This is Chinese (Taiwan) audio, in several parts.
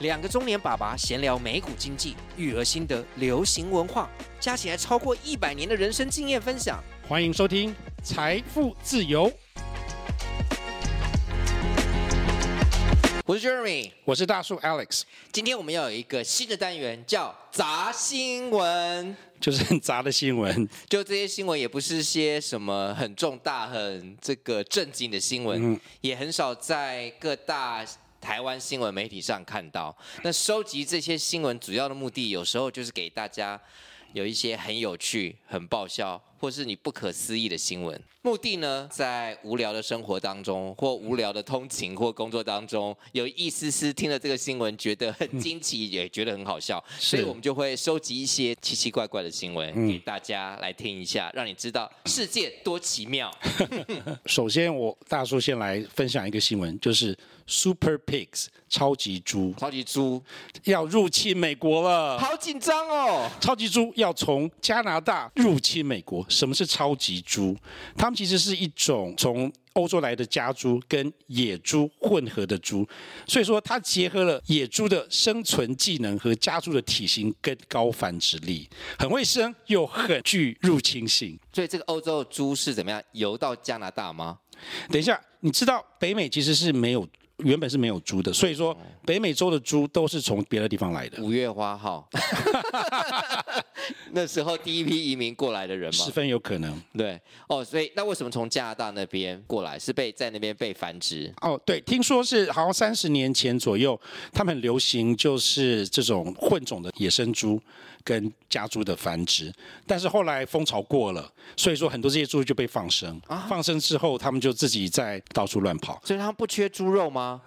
兩個中年爸爸閒聊美股、經濟、育兒心得、流行文化，加起來超過一百年的人生經驗分享。歡迎收聽《財父自由》。我是 Jeremy，我是大叔 Alex。今天我們要有一個新的單元，叫“雜新聞”，就是很雜的新聞。 就這些新聞，也不是些什麼很重大、很這個正經的新聞，嗯、也很少在各大。台灣新聞媒體上看到，那收集這些新聞主要的目的，有時候就是給大家有一些很有趣、很爆笑，或是你不可思議的新聞，目的呢，在無聊的生活當中，或無聊的通勤或工作當中，有一絲絲聽了這個新聞，覺得很驚奇，嗯、也覺得很好笑，所以我們就會收集一些奇奇怪怪的新聞、嗯、給大家來聽一下，讓你知道世界多奇妙。 首先，我大叔先來分享一個新聞，就是 Super Pigs 超級豬，超級豬要入侵美國了，好緊張哦！超級豬要從加拿大入侵美國。什麼是超級豬？它們其實是一種從歐洲來的家豬跟野豬混合的豬，所以說它結合了野豬的生存技能和家豬的體型跟高繁殖力，很會生又很具入侵性。所以這個歐洲的豬是怎麼樣游到加拿大嗎？等一下，你知道北美其實是沒有。原本是沒有豬的，所以說北美洲的豬都是從別的地方來的。五月花號， 那時候第一批移民過來的人嗎，十分有可能。對，哦，所以那為什麼從加拿大那邊過來，是被在那邊被繁殖？哦，對，聽說是好像三十年前左右，他們很流行就是這種混種的野生豬。跟家豬的繁殖，但是後來風潮過了，所以說很多這些豬就被放生。啊，放生之後，他們就自己在到處亂跑。所以，他們不缺豬肉嗎？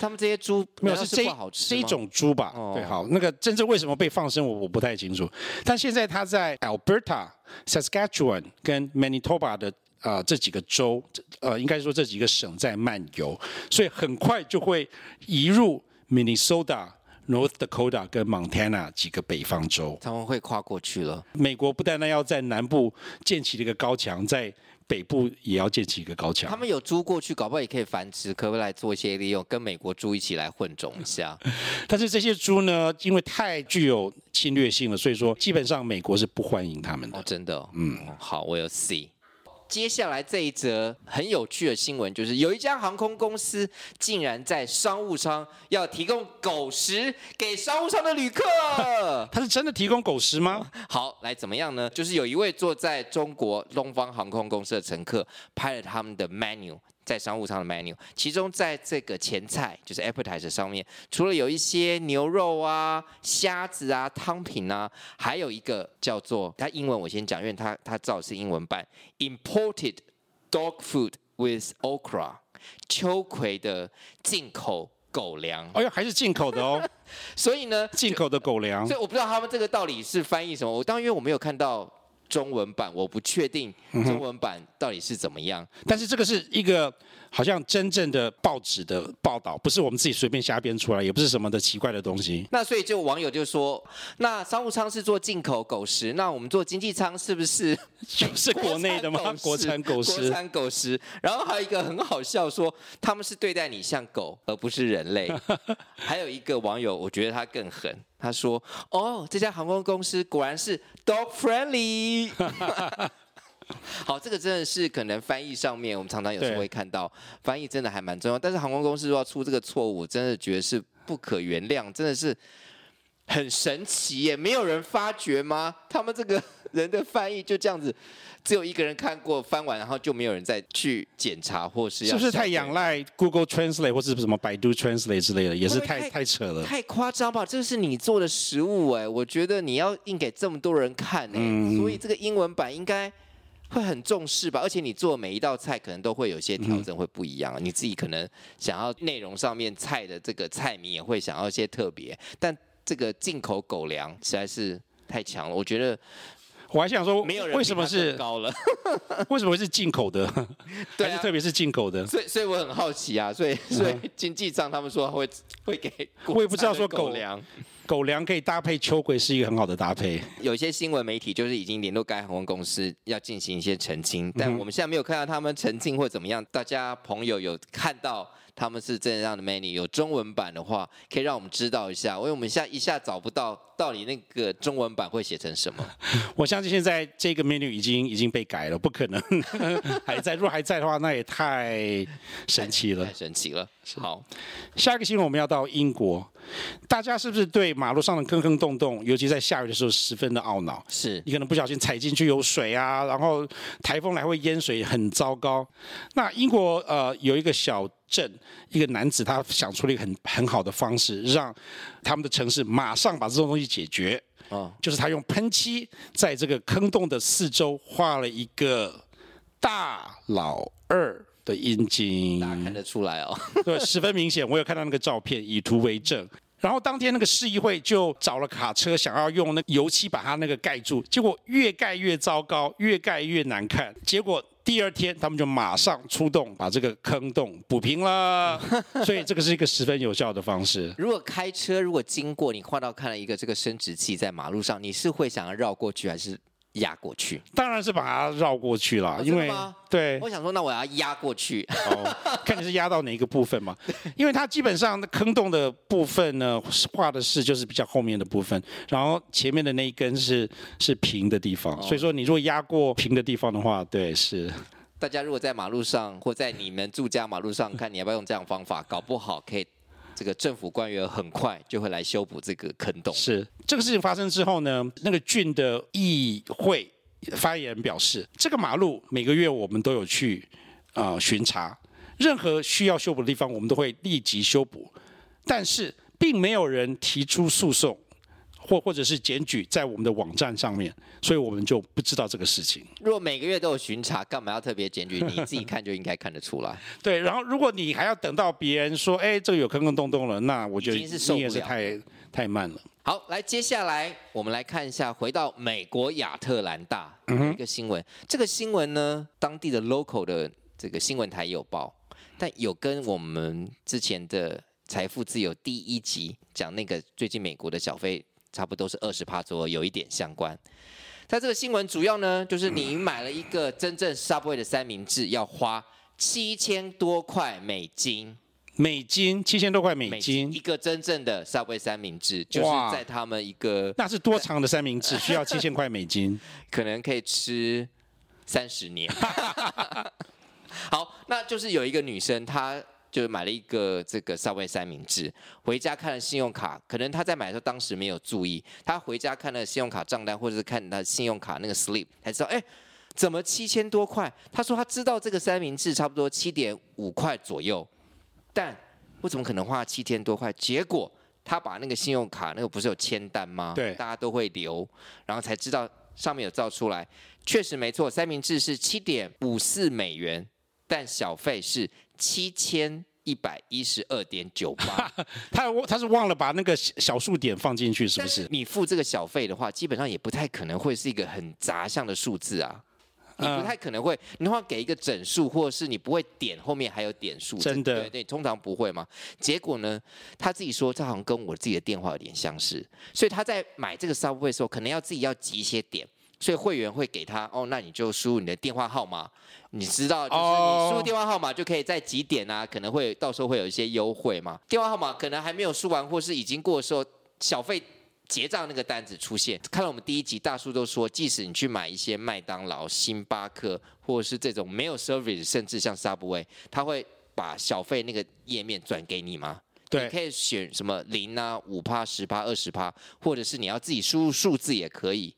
他們這些豬不沒有是這一，這一種豬吧。哦。對，好，那個真正為什麼被放生，我我不太清楚。但現在他在 Alberta、Saskatchewan 跟 Manitoba 的呃這幾個州，呃，應該說這幾個省在漫遊，所以很快就會移入 Minnesota。North Dakota 跟 Montana 幾個北方州，他們會跨過去了。美國不單單要在南部建起一個高牆，在北部也要建起一個高牆。他們有豬過去，搞不好也可以繁殖，可不可以來做一些利用，跟美國豬一起來混種一下。嗯。但是這些豬呢，因為太具有侵略性了，所以說基本上美國是不歡迎他們的。哦，真的哦，嗯，好，我有 c。c 接下來這一則很有趣的新聞，就是有一家航空公司竟然在商務艙要提供狗食給商務艙的旅客。他是真的提供狗食嗎？好，來怎麼樣呢？就是有一位坐在中國東方航空公司的乘客拍了他們的 menu。在商務艙的 menu，其中在這個前菜就是 appetizer 上面，除了有一些牛肉啊、蝦子啊、湯品啊，還有一個叫做它英文我先講，因為它它照是英文版，imported dog food with okra，秋葵的進口狗糧。哎、哦、呀，還是進口的哦。 所以呢，進口的狗糧。所以我不知道他們這個到底是翻譯什麼，我當然因為我沒有看到。中文版我不確定中文版到底是怎麼樣，嗯哼，但是這個是一個。好像真正的報紙的報道，不是我們自己隨便瞎編出來，也不是什麼的奇怪的東西。那所以就網友就說，那商務艙是做進口狗食，那我們做經濟艙是不是就是國內的嗎？國產狗食，國產狗食。然後還有一個很好笑說，說他們是對待你像狗而不是人類。 還有一個網友，我覺得他更狠，他說：“哦，這家航空公司果然是 dog friendly。 ” 好，這個真的是可能翻譯上面，我們常常有時候會看到翻譯真的還蠻重要。但是航空公司如果出這個錯誤，真的覺得是不可原諒，真的是很神奇耶！沒有人發覺嗎？他們這個人的翻譯就這樣子，只有一個人看過翻完，然後就沒有人再去檢查，或是要是不是太仰賴 Google Translate 或是什麼百度 Translate 之類的，也是太太，太扯了，太誇張吧？這個是你做的食物哎，我覺得你要印給這麼多人看哎、嗯，所以這個英文版應該。會很重視吧，而且你做每一道菜可能都會有些調整，會不一樣。嗯。你自己可能想要內容上面菜的這個菜名也會想要一些特別，但這個進口狗糧實在是太強了，我覺得。我還想說，沒有，為什麼是高了？為什麼會是進口的？ 對啊、還是特別是進口的？所以，所以我很好奇啊！所以，所以經濟艙他們說會會給，我也不知道說狗糧，狗糧可以搭配秋葵是一個很好的搭配。有一些新聞媒體就是已經聯絡該航空公司要進行一些澄清，但我們現在沒有看到他們澄清或怎麼樣。大家朋友有看到他們是這樣的 menu，有中文版的話，可以讓我們知道一下，因為我們現在一下找不到到底那個中文版會寫成什麼。我相信現在這個 menu 已經已經被改了，不可能 還在。如果還在的話，那也太神奇了，太神奇了。是。好，下一個新聞我們要到英國，大家是不是對馬路上的坑坑洞洞，尤其在下雨的時候十分的懊惱？是，你可能不小心踩進去有水啊，然後台風來會淹水，很糟糕。那英國呃有一個小。正一個男子，他想出了一個很很好的方式，讓他們的城市馬上把這種東西解決。啊、哦，就是他用噴漆在這個坑洞的四周畫了一個大老二的陰莖，那看得出來哦， 對，十分明顯。我有看到那個照片，以圖為證。然後當天那個市議會就找了卡車，想要用那油漆把它那個蓋住，結果越蓋越糟糕，越蓋越難看，結果。第二天，他們就馬上出動，把這個坑洞補平了。 所以這個是一個十分有效的方式。如果開車，如果經過你換到看了一個這個生殖器在馬路上，你是會想要繞過去還是？壓過去，當然是把它繞過去了。哦，因為對。我想說，那我要壓過去。 哦，看你是壓到哪一個部分嘛？因為它基本上坑洞的部分呢，畫的是就是比較後面的部分，然後前面的那一根是是平的地方。哦，所以說你如果壓過平的地方的話，對，是。大家如果在馬路上或在你們住家馬路上看，你要不要用這樣的方法？搞不好可以。這個政府官員很快就會來修補這個坑洞是。是這個事情發生之後呢，那個郡的議會發言人表示，這個馬路每個月我們都有去啊、呃、巡查，任何需要修補的地方我們都會立即修補，但是並沒有人提出訴訟。或或者是檢舉在我們的網站上面，所以我們就不知道這個事情。如果每個月都有巡查，幹嘛要特別檢舉？你自己看就應該看得出來。 對，然後如果你還要等到別人說，哎，這個有坑坑洞洞了，那我覺得已經是受不了，太慢了。好，來，接下來我們來看一下，回到美國亞特蘭大一個新聞。嗯。這個新聞呢，當地的 local 的這個新聞台有報，但有跟我們之前的《財富自由》第一集講那個最近美國的小費差不多是二十趴左右，有一點相關。那這個新聞主要呢，就是你買了一個真正 Subway 的三明治，嗯、要花七千多塊美金。美金，七千多塊美金，美金一個真正的 Subway 三明治，就是在他們一個。那是多長的三明治？需要七千塊美金？ 可能可以吃三十年。 好，那就是有一個女生，她。就是買了一個這個 Subway 三明治，回家看了信用卡，可能他在買的時候當時沒有注意，他回家看了信用卡賬單，或者是看他信用卡那個 slip 才知道，哎、欸，怎麼七千多塊？他說他知道這個三明治差不多七點五塊左右，但我怎麼可能花七千多塊？結果他把那個信用卡那個不是有簽單嗎？對，大家都會留，然後才知道上面有照出來，確實沒錯，三明治是七點五四美元，但小費是。七千一百一十二點九八， 他他是忘了把那個小數點放進去，是不是？是你付這個小費的話，基本上也不太可能會是一個很雜項的數字啊，你不太可能會，呃、你話給一個整數，或者是你不會點後面還有點數，真的對，對，對，通常不會嘛。結果呢，他自己說，這好像跟我自己的電話有點相似，所以他在買這個 s e 的時候，可能要自己要集一些點。所以會員會給他哦，那你就輸入你的電話號碼，你知道，就是你輸入電話號碼就可以在幾點啊？可能會到時候會有一些優惠嘛。電話號碼可能還沒有輸完，或是已經過的時候，小費結賬那個單子出現。看到我們第一集，大叔都說，即使你去買一些麥當勞、星巴克，或者是這種沒有 service，甚至像 Subway，他會把小費那個頁面轉給你嗎？對，你可以選什麼零啊、五趴、十趴、二十趴，或者是你要自己輸入數字也可以。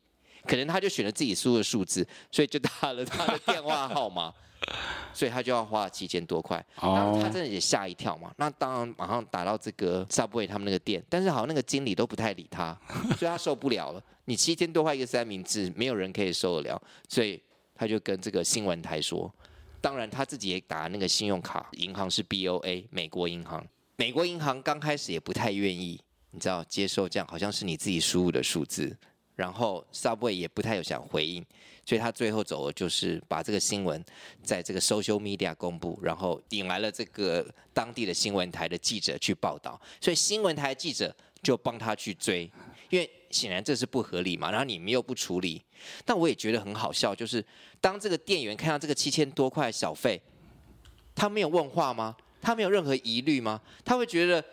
可能他就選了自己輸的數字，所以就打了他的電話號碼， 所以他就要花七千多塊。然後他真的也嚇一跳嘛，那當然馬上打到這個 Subway 他們那個店，但是好像那個經理都不太理他，所以他受不了了。你七千多塊一個三明治，沒有人可以受得了，所以他就跟這個新聞台說，當然他自己也打那個信用卡，銀行是 BOA 美國銀行，美國銀行剛開始也不太願意，你知道接受這樣，好像是你自己輸入的數字。然後 Subway 也不太有想回應，所以他最後走的就是把這個新聞在這個 social media 公布，然後引來了這個當地的新聞台的記者去報道，所以新聞台的記者就幫他去追，因為顯然這是不合理嘛。然後你們又不處理，但我也覺得很好笑，就是當這個店員看到這個七千多塊小費，他沒有問話嗎？他沒有任何疑慮嗎？他會覺得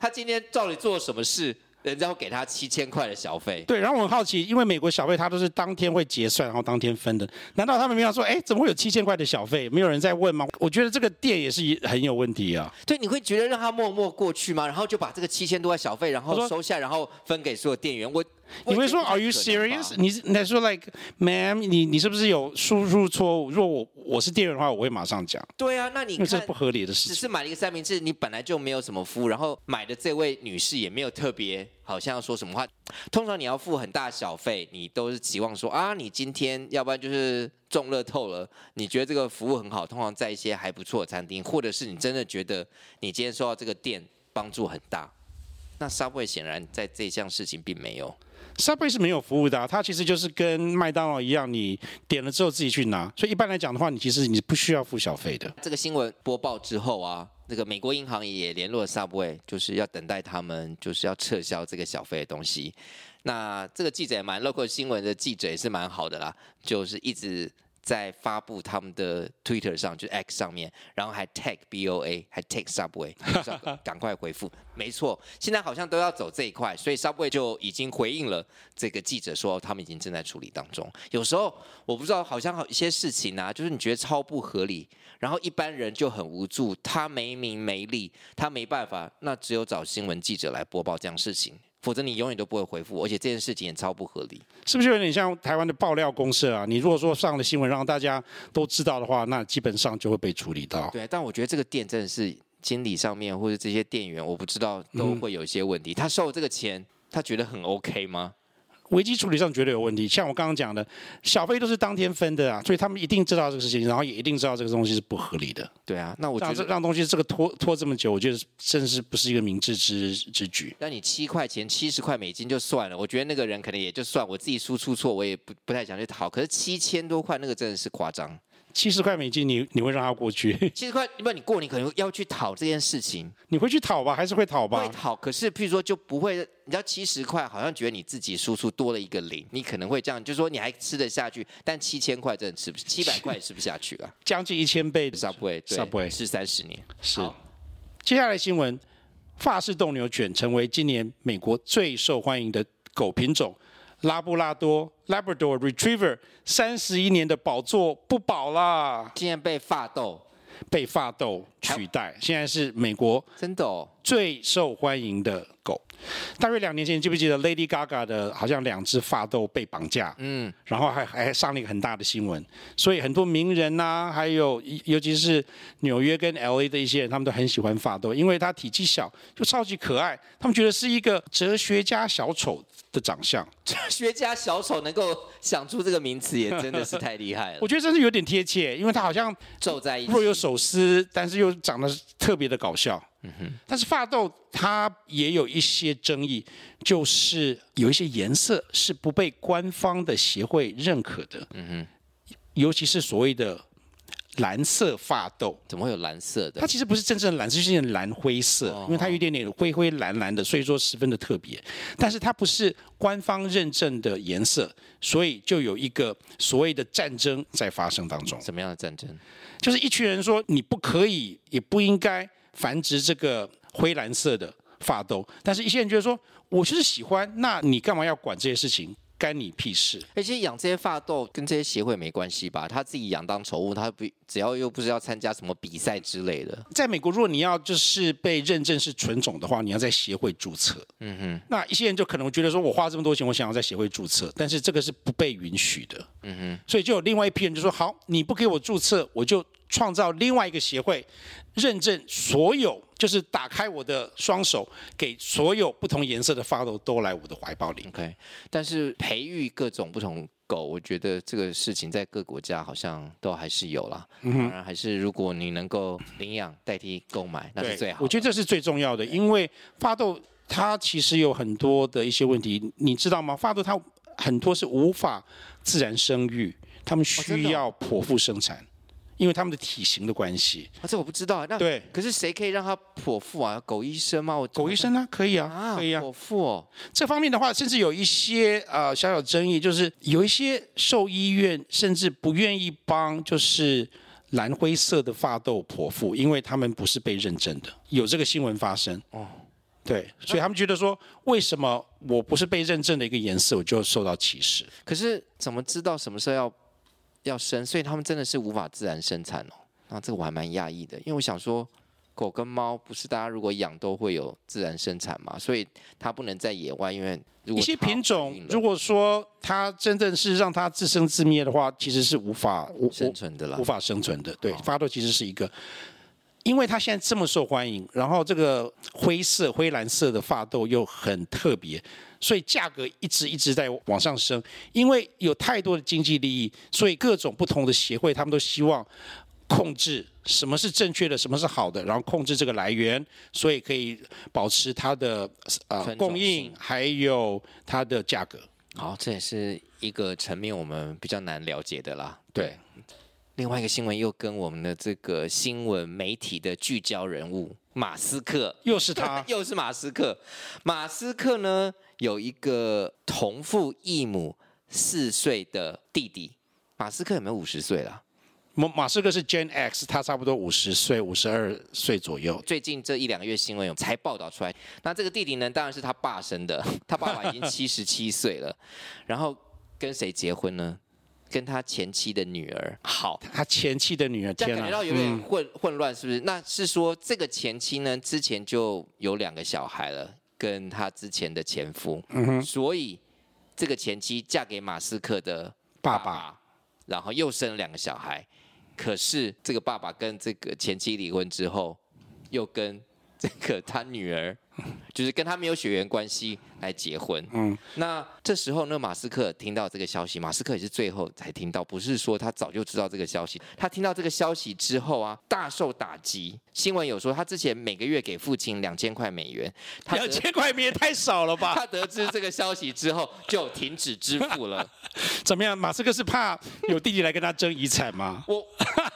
他今天到底做了什麼事？人家會給他七千塊的小費，對。然後我很好奇，因為美國小費他都是當天會結算，然後當天分的。難道他們沒有說，哎、欸，怎麼會有七千塊的小費？沒有人在問嗎？我覺得這個店也是很有問題啊。對，你會覺得讓他默默過去嗎？然後就把這個七千多塊小費，然後收下，然後分給所有店員。我，我。我你會說 Are you serious？你你說 Like, ma'am，你你是不是有輸入錯誤？如果我我是店員的話，我會馬上講。對啊，那你看這是不合理的事。只是買了一個三明治，你本來就沒有什麼服務，然後買的這位女士也沒有特別好像要說什麼話。通常你要付很大小費，你都是期望說啊，你今天要不然就是中樂透了，你覺得這個服務很好。通常在一些還不錯的餐廳，或者是你真的覺得你今天受到這個店幫助很大，那 Subway 顯然在這項事情並沒有。Subway 是沒有服務的啊，它其實就是跟麥當勞一樣，你點了之後自己去拿，所以一般來講的話，你其實你不需要付小費的。這個新聞播報之後啊，這個美國銀行也聯絡了 Subway，就是要等待他們就是要撤銷這個小費的東西。那這個記者也蠻 local 新聞的記者也是蠻好的啦，就是一直。在發布他們的 Twitter 上，就是 X 上面，然後還 tag BOA，還 tag Subway， 趕快回復。沒錯，現在好像都要走這一塊，所以 Subway 就已經回應了這個記者，說他們已經正在處理當中。有時候我不知道，好像一些事情啊，就是你覺得超不合理，然後一般人就很無助，他沒名沒利，他沒辦法，那只有找新聞記者來播報這樣事情。否則你永遠都不會回復我，而且這件事情也超不合理，是不是有點像台灣的爆料公社啊？你如果說上了新聞讓大家都知道的話，那基本上就會被處理到。對，但我覺得這個店真的是經理上面或者這些店員，我不知道都會有一些問題。嗯。他收了這個錢，他覺得很 OK 嗎？危機處理上絕對有問題，像我剛剛講的，小費都是當天分的啊，所以他們一定知道這個事情，然後也一定知道這個東西是不合理的。對啊，那我覺得這樣讓東西這個拖拖這麼久，我覺得真是不是一個明智之之舉。那你七塊錢、七十塊美金就算了，我覺得那個人可能也就算，我自己輸出錯我也不不太想去討。可是七千多塊那個真的是誇張。七十塊美金你，你你會讓他過去？七十塊，不，你過你可能要去討這件事情，你會去討吧，還是會討吧？會討，可是譬如說就不會，你知道，七十塊，好像覺得你自己輸出多了一個零，你可能會這樣，就是說你還吃得下去，但七千塊真的吃不，下。七百塊也吃不下去啊，將近一千倍，Subway，Subway，是三十年。是好。接下來新聞，法式鬥牛犬成為今年美國最受歡迎的狗品種。拉布拉多 （Labrador Retriever） 三十一年的寶座不保了，今天被法鬥，被法鬥。取代，現在是美國真的哦最受歡迎的狗。大約兩年前，你記不記得 Lady Gaga 的好像兩隻法鬥被綁架？嗯，然後還還上了一個很大的新聞。所以很多名人啊，還有尤其是紐約跟 LA 的一些人，他們都很喜歡法鬥，因為他體積小，就超級可愛。他們覺得是一個哲學家小丑的長相。哲學家小丑能夠想出這個名詞，也真的是太厲害了。 我覺得真的有點貼切，因為他好像皺在一起，若有手撕，但是又。長得特別的搞笑，嗯哼，但是法鬥它也有一些爭議，就是有一些顏色是不被官方的協會認可的，嗯哼，尤其是所謂的。藍色法鬥怎麼會有藍色的？它其實不是真正的藍色，就是藍灰色，因為它有一點點灰灰藍藍的，所以說十分的特別。但是它不是官方認證的顏色，所以就有一個所謂的戰爭在發生當中。什麼樣的戰爭？就是一群人說你不可以，也不應該繁殖這個灰藍色的法鬥，但是一些人覺得說，我就是喜歡，那你幹嘛要管這些事情？干你屁事！而且養這些法鬥跟這些協會沒關係吧？他自己養當寵物，他不只要又不是要參加什麼比賽之類的。在美國，如果你要就是被認證是純種的話，你要在協會注冊。嗯哼，那一些人就可能覺得說，我花這麼多錢，我想要在協會注冊，但是這個是不被允許的。嗯哼，所以就有另外一批人就說，好，你不給我注冊，我就。創造另外一個協會，認證所有，就是打開我的雙手，給所有不同顏色的法鬥都來我的懷抱裡。OK，但是培育各種不同狗，我覺得這個事情在各國家好像都還是有啦。嗯，當然，還是如果你能夠領養代替購買，那是最好的。我覺得這是最重要的，因為法鬥它其實有很多的一些問題，你知道嗎？法鬥它很多是無法自然生育，它們需要哦，剖腹生產。因為他們的體型的關係，啊、這我不知道。那對，可是誰可以讓他剖腹啊？狗醫生嗎我？狗醫生啊，可以啊，啊可以啊。剖腹哦，這方面的話，甚至有一些啊、呃，小小爭議，就是有一些獸醫院甚至不願意幫就是藍灰色的法鬥剖腹，因為他們不是被認證的，有這個新聞發生。哦，對，所以他們覺得說，為什麼我不是被認證的一個顏色，我就受到歧視？可是怎麼知道什麼時候要？要生，所以他們真的是無法自然生產哦。那這個我還蠻訝異的，因為我想說，狗跟貓不是大家如果養都會有自然生產嘛？所以它不能在野外，因為有些品種，如果說它真正是讓它自生自滅的話，其實是無法無生存的啦，無法生存的。對，法鬥其實是一個。因為它現在這麼受歡迎，然後這個灰色、灰藍色的法鬥又很特別，所以價格一直一直在往上升。因為有太多的經濟利益，所以各種不同的協會他們都希望控制什麼是正確的，什麼是好的，然後控制這個來源，所以可以保持它的呃供應還有它的價格。好，這也是一個層面我們比較難了解的啦。對。另外一個新聞又跟我們的這個新聞媒體的聚焦人物馬斯克，又是他， 又是馬斯克。馬斯克呢有一個同父異母四歲的弟弟，馬斯克有沒有五十歲了？馬馬斯克是 Gen X，他差不多五十歲，五十二歲左右。最近這一兩個月新聞有才報道出來。那這個弟弟呢，當然是他爸生的，他爸爸已經七十七歲了。 然後跟誰結婚呢？跟他前妻的女兒，好，他前妻的女兒，這感覺到有點混、嗯、混亂，是不是？那是說這個前妻呢，之前就有兩個小孩了，跟他之前的前夫，嗯哼，所以這個前妻嫁給馬斯克的爸爸，爸爸然後又生兩個小孩，可是這個爸爸跟這個前妻離婚之後，又跟這個他女兒。 就是跟他沒有血緣關係來結婚。嗯，那這時候呢，馬斯克聽到這個消息，馬斯克也是最後才聽到，不是說他早就知道這個消息。他聽到這個消息之後啊，大受打擊。新聞有說，他之前每個月給父親兩千塊美元。兩千塊美元太少了吧？ 他得知這個消息之後，就停止支付了。怎麼樣？馬斯克是怕有弟弟來跟他爭遺產嗎？我，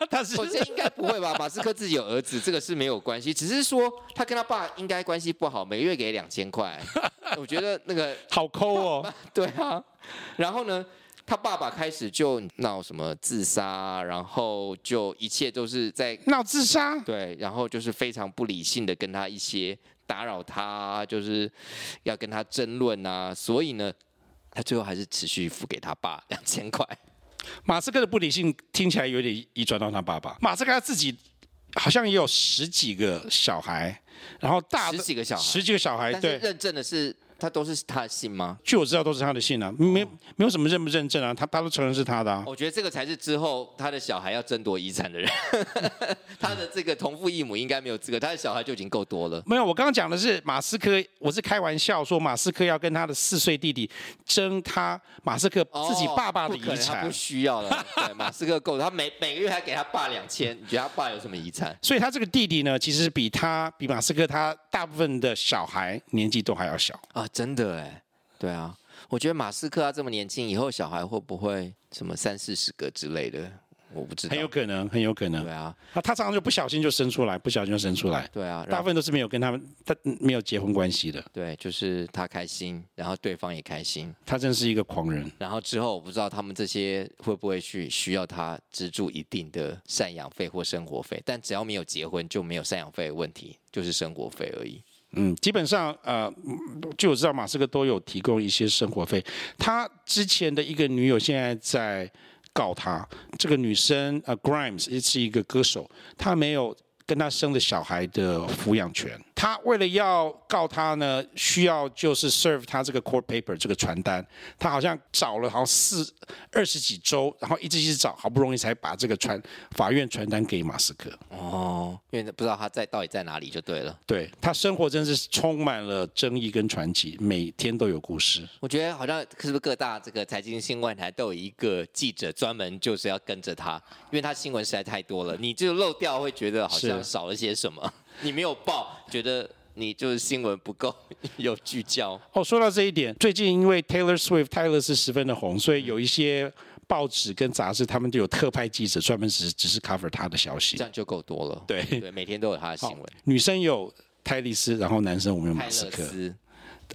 他是首先應該不會吧？ 馬斯克自己有兒子，這個是沒有關係，只是說他跟他爸應該關係不好，沒。最 給兩千塊，我覺得那個好摳哦。對啊，然後呢，他爸爸開始就鬧什麼自殺，然後就一切都是在鬧自殺。對，然後就是非常不理性的跟他一些打擾他，就是要跟他爭論啊。所以呢，他最後還是持續付給他爸兩千塊。馬斯克的不理性聽起來有點遺傳到他爸爸。馬斯克他自己好像也有十幾個小孩。然後大十幾個小孩，十幾個小孩，對，認證的是。他都是他的姓嗎？據我知道，都是他的姓啊，沒、哦、沒有什麼認不認證啊，他他都承認是他的、啊。我覺得這個才是之後他的小孩要爭奪遺產的人， 他的這個同父異母應該沒有資格，他的小孩就已經夠多了。沒有，我剛剛講的是馬斯克，我是開玩笑說馬斯克要跟他的四歲弟弟爭他馬斯克自己爸爸的遺產，哦、不，不需要了。 對，馬斯克夠，他每每個月還給他爸兩千，你覺得他爸有什麼遺產？所以，他這個弟弟呢，其實比他比馬斯克他大部分的小孩年紀都還要小啊。真的哎、欸，對啊，我覺得馬斯克他這麼年輕，以後小孩會不會什麼三四十個之類的，我不知道，很有可能，很有可能，對啊，他他常常就不小心就生出來，不小心就生出來，對啊，大部分都是沒有跟他們他沒有結婚關係的，對，就是他開心，然後對方也開心，他真是一個狂人。然後之後我不知道他們這些會不會去需要他資助一定的贍養費或生活費，但只要沒有結婚就沒有贍養費的問題，就是生活費而已。嗯，基本上，呃，就我知道，馬斯克都有提供一些生活費。他之前的一個女友現在在告他，這個女生呃、啊，Grimes 也是一個歌手，她沒有跟他生的小孩的撫養權。他為了要告他呢，需要就是 serve 他這個 court paper 這個傳單，他好像找了好像四二十幾週，然後一直一直找，好不容易才把這個傳法院傳單給馬斯克。哦，因為不知道他在到底在哪裡就對了。對，他生活真的是充滿了爭議跟傳奇，每天都有故事。我覺得好像是不是各大這個財經新聞台都有一個記者專門就是要跟着他，因為他新聞實在太多了，你就漏掉會覺得好像少了些什麼。你沒有報，覺得你就是新聞不夠有聚焦哦。說到這一點，最近因為 Taylor Swift 泰勒是十分的紅，所以有一些報紙跟雜誌，他們就有特派記者專門只是只是 cover 他的消息，這樣就夠多了。對，對，每天都有他的新聞。哦、女生有泰利斯，然後男生我們有馬斯克。泰勒斯。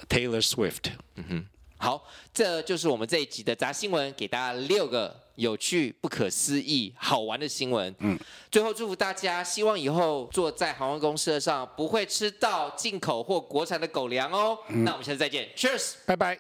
Taylor Swift。嗯哼，好，這就是我們這一集的雜新聞，給大家六個。有趣、不可思議、好玩的新聞。嗯，最後祝福大家，希望以後坐在航空公司的車上不會吃到進口或國產的狗糧哦、嗯。那我們下次再見，Cheers，拜拜。